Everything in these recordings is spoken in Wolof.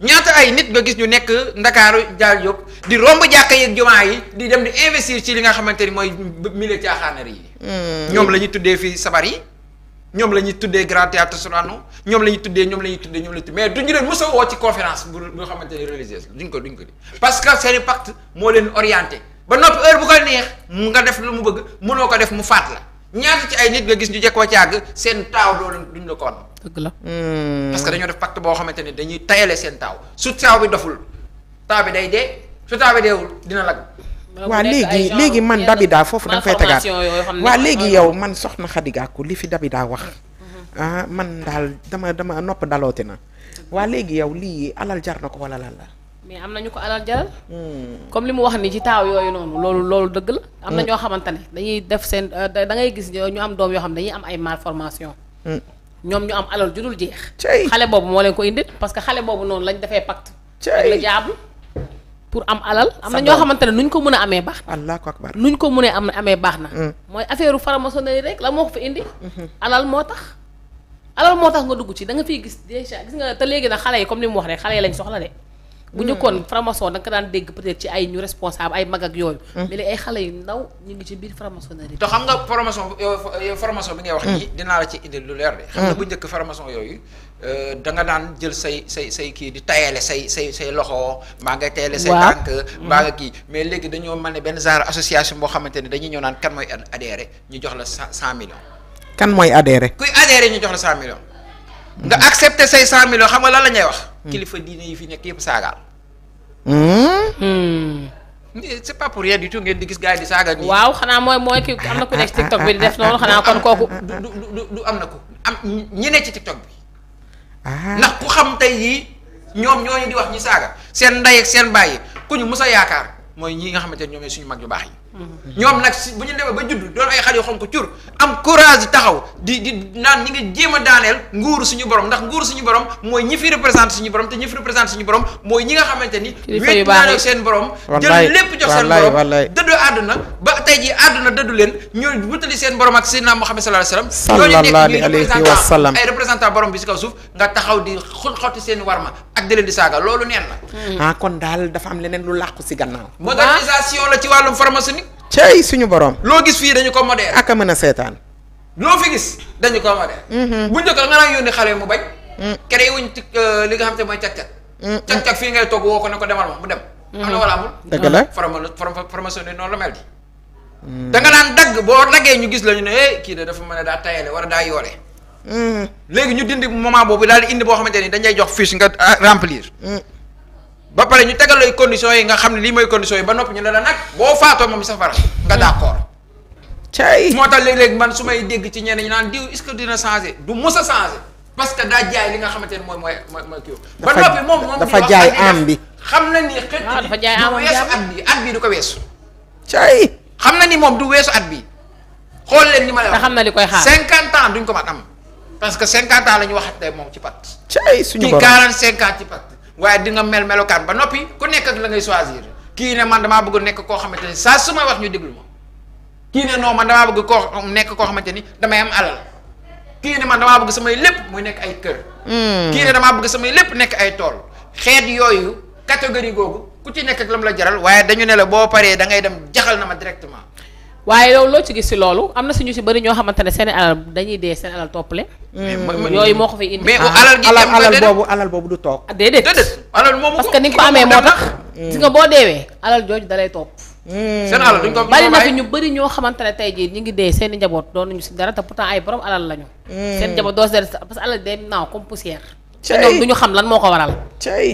ñaata ay nit nga gis ñu nekk ndakaaru jaal yóbbu di romb jàkka yeeg jumaa yi di dem di investir ci li nga xamante ni mooy milieu caaxaanari yi. Hmm. ñoom la ñuy tuddee fii sabar yi. ñoom la ñuy tuddee Grand Théâtre Sorano ñoom la ñuy tuddee ñoom la ñuy tuddee ñoom la ñuy tuddee mais duñu leen mës a ci conférence bu nga xamante ni religieuse duñ ko duñ ko di parce que pacte moo leen orienté ba noppi heure bu ko neex mu nga def lu mu bëgg mënoo ko def mu faat la. ñaata ci ay nit nga gis ñu jekkoo ci àgg seen taaw doo leen duñ la ko la. Hmm. dañoo def pacte boo xamante ne dañuy teyale seen taaw su taaw bi doful taaw bi day dee su taaw bi deewul dina lag. waa léegi léegi man Dabida foofu danga fay tegaat waa léegi yow man soxna Khady Gakou li fi Dabida wax mm-hmm. ah man daal dama dama nopp daloote na waa léegi yow lii alal jar na ko wala lan la mais am na ñu ko alal jaral. Hmm. comme li mu wax ni ci taaw yooyu noonu loolu loolu dëgg la. am na hmm. ñoo xamante ne dañuy def seen euh, dangay gis ñu am doom yoo xam ne dañuy am ay malformation. Hmm. ñoom ñu am alal ju dul xale boobu moo leen ko indil parce que xale boobu noonu lañ defee pacte. cey pour am alal. am na ñoo xamante ne nuñ ko mën a amee baax. allahu akbar nuñ ko mënee am amee baax na. mooy affaire franc-maçonnerie rek la moo ko fa indi. alal moo tax. alal moo tax nga dugg ci da nga fiy gis déjà gis nga te léegi nag xale yi comme ni mu wax rek xale yi lañ soxla de bu njëkkoon franc-maçon da nga daan dégg peut-être ci ay ñu responsable ay mag ak yooyu. Hmm. mais ay xale yu ndaw ñu ngi ci biir franc-maçonnerie. te xam nga franc-maçon yow euh, euh, franc ngay wax. Hmm. nii dinaa la ci lu leer hmm. bu njëkk franc-maçon yooyu. Euh, da nga daan jël say say say kii di tayale say say say loxo. mbaa nga tayale say tànk. mbaa nga kii mais léegi dañoo man ne benn genre association boo xamante ne dañuy ñëw naan kan mooy adhéré ñu jox la sa cent millions. kan mooy adhéré. kuy adhéré ñu jox la cent millions. nga accepté say cent millions xam nga lan la ñuy wax Hmm. kilifa diine yi fi nekk yëpp saagaal. Hmm? Hmm. Eh, c' est pas pour rien di gis gars yi di saaga waaw xanaa mooy mooy ki am na ku nekk ci TikTok bi di def noonu xanaa kon kooku. du du du am na ko am ñi ne ci TikTok bi. Ah. ndax ku xam tey yii ñoom ñoo ñooñu di wax ñi saaga seen ndey ak seen bàyyi ku ñu mës a yaakaar mooy ñi nga xamante ne ñoom suñu mag yu baax yi. ñoom nag si bu ñu demee ba judd doon ay xale yu xonk cur am courage taxaw di di naan ñi ngi jéem a daaneel nguuru suñu borom ndax nguuru suñu borom mooy ñi fi représenté suñu borom te ñi fi représenté suñu borom mooy ñi nga xamante ni wéet naanoo seen borom jël lépp jox seen borom dëddu àdduna ba tey ji àdduna dëddu leen ñoo wutali seen borom ak Seydina Muhammad sallallahu alayhi wa sallam nekk ñuy représentant borom bi si kaw suuf nga taxaw di xul xotti seen warma ak di di saaga loolu neen la. Hmm. ah kon daal dafa am leneen lu làqu si gannaaw. modernisation la ci wàllum pharmacie. cey suñu borom. loo gis fii dañu ko moderne. ak mën a seetaan. loo fi gis dañu ko moderne. Hmm. bu njëkk da nga daan yónni xale mu bañ. kere hmm. wuñ ci euh, li nga xam te mooy càq-càq. càq fii ngay togg woo ko ne ko demal ma mu dem. am na wala amul. dëgg la formation ah. ni noonu la mel di. da nga daan dagg boo daggee ñu gis la ñu ne eh, kii de dafa mën a daa tayale wala daa yoole léegi ñu dindi moment boobu daal di indi boo xamante ni dañ lay jox fiche nga euh, remplir. ba pare ñu tegal lay conditions yi nga xam ne lii mooy condition yi ba noppi ñu ne la nag boo faatoo moom safara nga mm. d'accord. cay moo tax léeg man su may dégg ci ñenn ñu naan diw est-ce du mës a changer parce que daa jaay li nga xamante ne mooy mooy mooy kii ba noppi moom dafa jaay am bi xam na ni xëy ah, dafa jaay am weesu at bi at du ko weesu. cay xam na ni moom du weesu at bi xool leen ni ma la wax. te xam na li koy xaar 50 ans duñ ko ma am. parce que cinquante ans la ñu waxat tey moom ci pacte. ci ay suñu borom kii quarante cinq ans ci pacte waaye di mel melokaan ba noppi ku nekk ak la ngay choisir kii ne man damaa bëgg nekk koo xamante ni saa su may ñu déglu kii ne non man damaa bëgg koo nekk koo xamante ni damay am alal kii ne man damaa bëgg samay lépp mu nekk ay kër. Hmm. kii ne damaa bëgg samay lépp nekk ay tool xeet yooyu catégorie googu ku ci nekk ak lam la jaral waaye dañu ne la boo paree da ngay dem jaxal na ma directement. waaye loolu loo ci gis si loolu am na ñu si bëri ñoo xamante ne seen alal dañuy dee seen alal toppale. Mm. Mm. yooyu moo ko fi indi. Ah, alal gi alal boobu alal boobu du toog. Ah, déedéet alal moomu que ni nga ko amee moo tax. Mm. gis nga boo deewee alal jooju dalay topp. seen alal duñ ko bari na fi ñu bëri ñoo xamante ne tey jii ñu ngi dee seen i njaboot doon nañu si dara te pourtant ay borom alal lañu. seen njaboot doo si dara parce alal day naaw comme poussière. du ñu xam lan moo ko waral.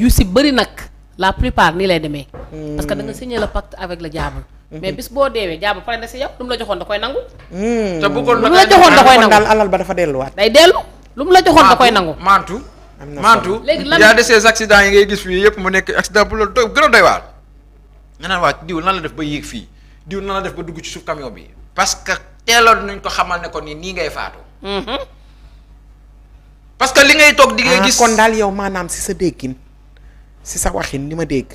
yu si bëri nag la plupart nii lay demee. parce que da nga signé le pacte avec la diable Mhm. mais bis boo deewee jaabu pare na si yow lu mu la joxoon da koy nangu. Hmm. te bëggoon na lu mu la joxoon da koy nangu daal alal ba dafa delluwaat. day dellu lu mu la joxoon da koy nangu. mantu mantu léegi lan yaa de ces accidents yi ngay gis fii yëpp mu nekk accident bu la doy gën a doy waar. nga naan waa diw nan la def ba yéeg fii diw nan la def ba dugg ci suuf camion bi parce que teeloon nañ ko xamal ne ko ni nii ngay faatu. Mhm. parce que li ngay toog di ngay ah, gis kon daal yow maanaam si sa déggin si sa waxin li ma dégg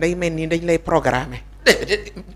day mel ni dañ lay programmer eh, eh,